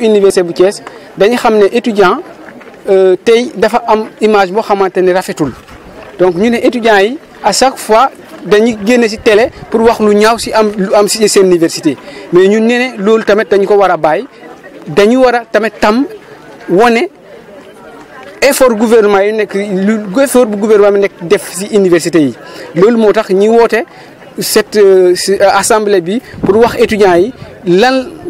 université bu Thiès dañu xam euh, dafa am image donc nous, étudiants à chaque fois dañuy génne télé pour wax lu ñaaw am lu université mais nous, ne loolu tamit dañu ko war effort gouvernement effort gouvernement université yi cette euh, assemblée pour wax étudiants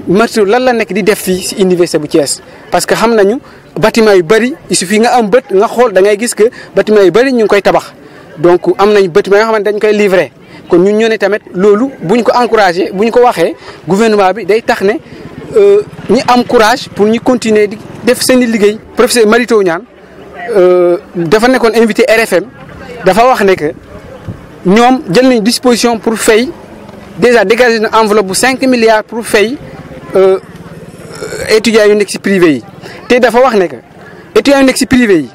Martyr lan la nek di def fi ci université bu Thiès parce que xam nañu bâtiment yu bari il suffit nga am bët nga xool da ngay gis que bâtiment yu bari ñu ngi koy tabax donc am nañ bâtiment yoo xamante dañ koy livrer kon ñun ñoo ne tamit loolu bu ko encouragé buñ ko waxee gouvernement bi day tax ne euh, ñi am courage pour ñu continuer di def seen i liggéey. professeur marito Teuw Niane euh, dafa nekkoon invité RFM dafa wax ne que ñoom jël nañ disposition pour fay déjà dégager na enveloppe bu 5 milliards pour fay. Euh, étudiants yu nekk si privé yi te dafa wax ne que étudiants yu nekk si privé yi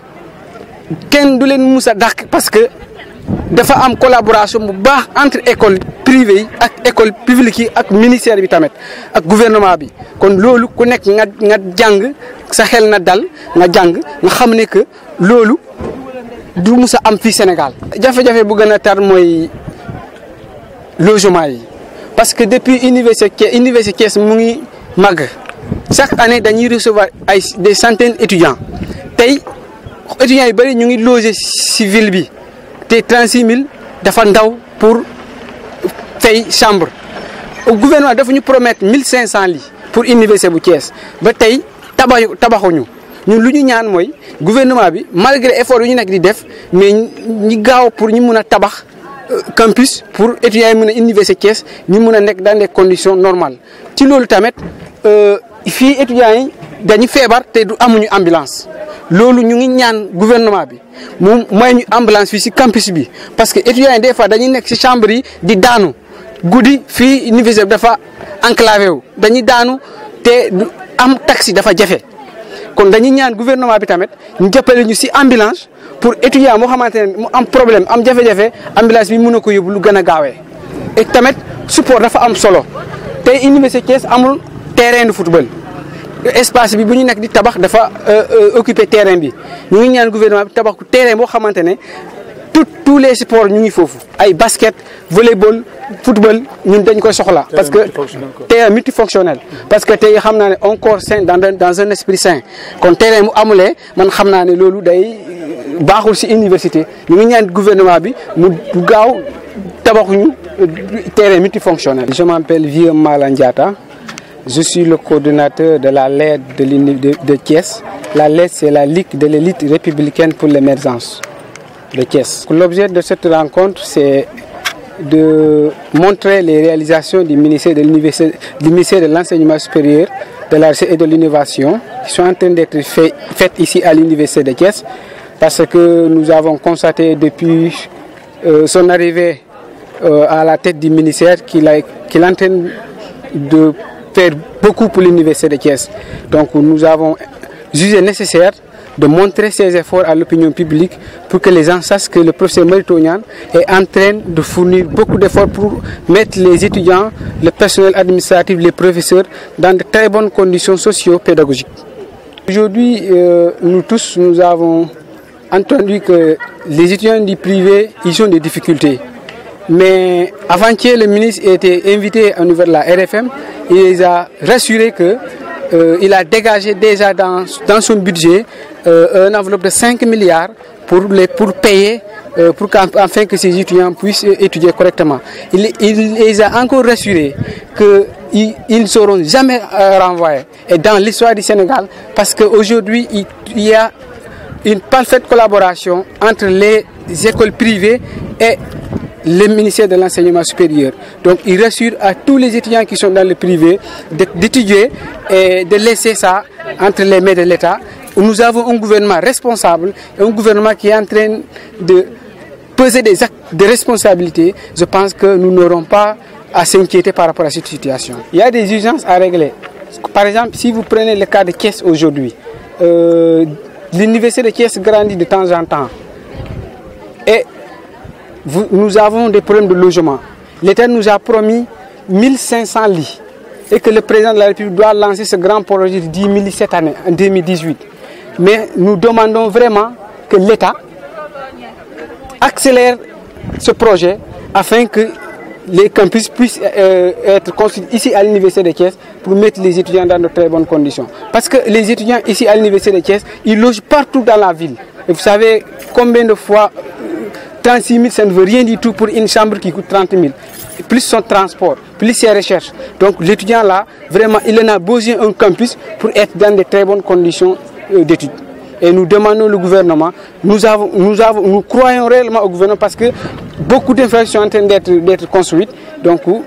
kenn du leen mus a dàq parce que dafa am collaboration bu baax entre école privée yi ak école publique yi ak ministère bi tamit ak gouvernement bi kon loolu ku nekk nga nga jàng sa xel na dal nga jàng nga xam ne que loolu du mus a am fii Sénégal. jafe-jafe bu gën a tar mooy logement yi. parce que depuis université université est mu chaque année nous recevoir des centaines d'étudiants. les étudiants sont bëri ñu ngi loger ci ville bi te 36000 dafa ndaw pour fay chambre Le gouvernement dafa ñu promettre 1500 lits pour université bu Thiès ba tey tabaxu tabac ñun lu ñu ñaan gouvernement bi malgré effort que ñu efforts di def mais ñi gaaw pour nous tabac campus pour étudier yi mën université ni dans des conditions normales ci loolu tamit euh, fii étudiants yi dañu feebar te du amuñu ambulance loolu ñu ngi ñaan gouvernement bi mu may ñu ambulance fii campus bi parce que étudiants des fois dans nekk si chambre yi di daanu guddi fii université bi dafa enclavé wu dañuy daanu te am taxi dafa jafé kon dañuy ñaan gouvernement bi tamet ñu jàppale ñu ci ambulance pour étudiant moo xamante ne mu am problème am jafe-jafe ambulance bi mën na ko yóbbu lu gën a gaawee et tamit support dafa am solo tey université Thiès amul terrain de football espace bi bu ñu nekk di tabax dafa euh, euh, occuper terrain bi ñu ngi ñaan gouvernement bi tabax terrain boo xamante ne tout tous les sports ñu ngi foofu ay basket volleyball football ñun dañ koy soxla parce que terrain multifonctionnel parce que tey xam naa ne un sain dans dans un esprit sain kon terrain bu amulee man xam naa ne loolu day université gouvernement bi mu gaaw euh, terrain multifonctionnel. Je m'appelle Vieux malandiata je suis le coordonnateur de la LED de Kies. de, La LED, c'est la Ligue de l'élite républicaine pour l'émergence de Kies. L'objet de cette rencontre, c'est de montrer les réalisations du ministère de l'enseignement supérieur, de la et de l'innovation qui sont en train d'être faites ici à l'université de Kies parce que nous avons constaté depuis euh, son arrivée euh, à la tête du ministère qu'il est en train de faire beaucoup pour l'université de Thiès. Donc nous avons jugé nécessaire de montrer ses efforts à l'opinion publique pour que les gens sachent que le professeur Melitonian est en train de fournir beaucoup d'efforts pour mettre les étudiants, le personnel administratif, les professeurs dans de très bonnes conditions socio-pédagogiques. Aujourd'hui, euh, nous tous, nous avons entendu que les étudiants du privé, ils ont des difficultés. Mais avant que le ministre été invité à nouveau de la RFM. il a rassuré que euh, il a dégagé déjà dans, dans son budget euh, une enveloppe de 5 milliards pour, les, pour payer, euh, pour afin que ces étudiants puissent étudier correctement. Il, les a encore rassurés qu'ils ils ne seront jamais euh, renvoyés. Et dans l'histoire du Sénégal, parce qu'aujourd'hui, il y a une parfaite collaboration entre les écoles privées et les ministères de l'enseignement supérieur. Donc il rassure à tous les étudiants qui sont dans le privé d'étudier et de laisser ça entre les mains de l'État. Nous avons un gouvernement responsable, et un gouvernement qui est en train de peser des responsabilités. Je pense que nous n'aurons pas à s'inquiéter par rapport à cette situation. Il y a des urgences à régler. Par exemple, si vous prenez le cas de Caisse aujourd'hui, euh, l'université de Kies grandit de temps en temps. Et nous avons des problèmes de logement. L'État nous a promis 1500 lits et que le président de la République doit lancer ce grand projet de 10 000 cette année, en 2018. Mais nous demandons vraiment que l'État accélère ce projet afin que les campus puissent euh, être construits ici à l'Université de Thiès pour mettre les étudiants dans de très bonnes conditions. Parce que les étudiants ici à l'Université de Thiès, ils logent partout dans la ville. Et vous savez combien de fois 36 euh, 000, ça ne veut rien du tout pour une chambre qui coûte 30 000. Plus son transport, plus ses recherches. Donc l'étudiant là, vraiment, il en a besoin un campus pour être dans de très bonnes conditions euh, d'études et nous demandons le gouvernement, nous, avons, nous, croyons réellement au gouvernement parce que beaucoup d'infrastructures sont en train d'être construites. Donc, euh,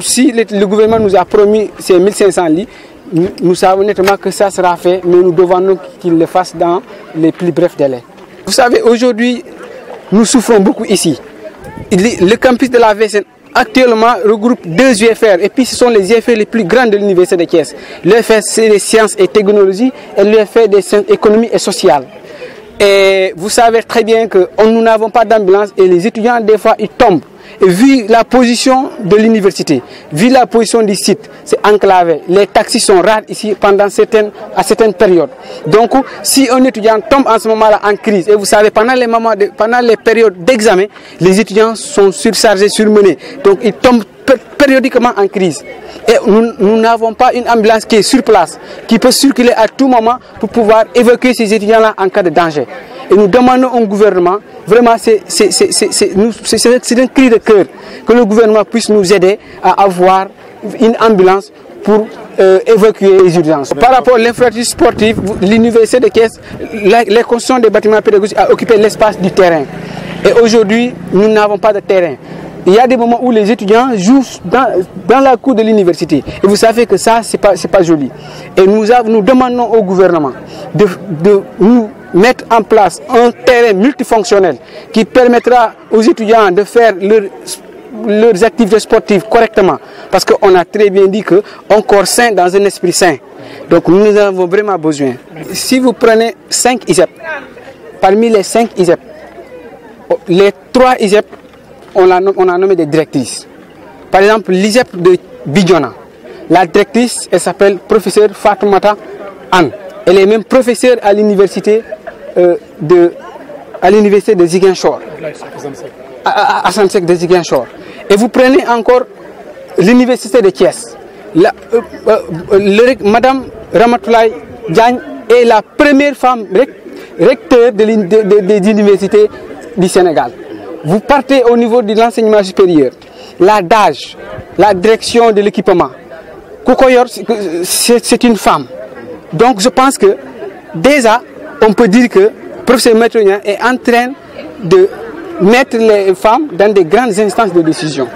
si le, gouvernement nous a promis ces 1500 lits, nous, savons nettement que ça sera fait, mais nous devons qu'il le fasse dans les plus brefs délais. Vous savez, aujourd'hui, nous souffrons beaucoup ici. Le, campus de la VSN actuellement regroupe deux UFR et puis ce sont les UFR les plus grands de l'université de Thiès. L'UFR c'est les sciences et technologies et l'UFR des sciences économiques et sociales. Et vous savez très bien que nous n'avons pas d'ambulance et les étudiants des fois ils tombent vu la position de l'université, vu la position du site, c'est enclavé. Les taxis sont rares ici pendant certaines, à certaines périodes. Donc, si un étudiant tombe en ce moment-là en crise, et vous savez, pendant les, moments pendant les périodes d'examen, les étudiants sont surchargés, surmenés. Donc, ils tombent périodiquement en crise. Et nous n'avons pas une ambulance qui est sur place, qui peut circuler à tout moment pour pouvoir évoquer ces étudiants-là en cas de danger et nous demandons au gouvernement, vraiment c'est un cri de cœur que le gouvernement puisse nous aider à avoir une ambulance pour euh, évacuer les urgences. Par rapport à l'infrastructure sportive, l'université de Caisse, les constructions des bâtiments pédagogiques a occupé l'espace du terrain. Et aujourd'hui, nous n'avons pas de terrain. Il y a des moments où les étudiants jouent dans, dans la cour de l'université. Et vous savez que ça, ce n'est pas, pas joli. Et nous, nous demandons au gouvernement de, de nous mettre en place un terrain multifonctionnel qui permettra aux étudiants de faire leurs activités sportives correctement. Parce qu'on a très bien dit que corps sain dans un esprit sain. Donc nous avons vraiment besoin. Si vous prenez 5 ISEP, parmi les 5 ISEP, oh, les 3 ISEP, on a, nommé des directrices. Par exemple, l'ISEP de Bidjona, la directrice, elle s'appelle professeure Fatoumata Anne. Elle est même professeure à l'université euh, de, à l'université de Ziguinchor, à, à, de Ziguinchor, et vous prenez encore l'université de Thiès, la, euh, euh, Madame Ramatoulaye Diagne est la première femme recteur de, des universités du Sénégal. Vous partez au niveau de l'enseignement supérieur, la DAGE, la direction de l'équipement. Koukoyor c'est une femme. Donc je pense que déjà, on peut dire que le professeur Maître est en train de mettre les femmes dans des grandes instances de décision.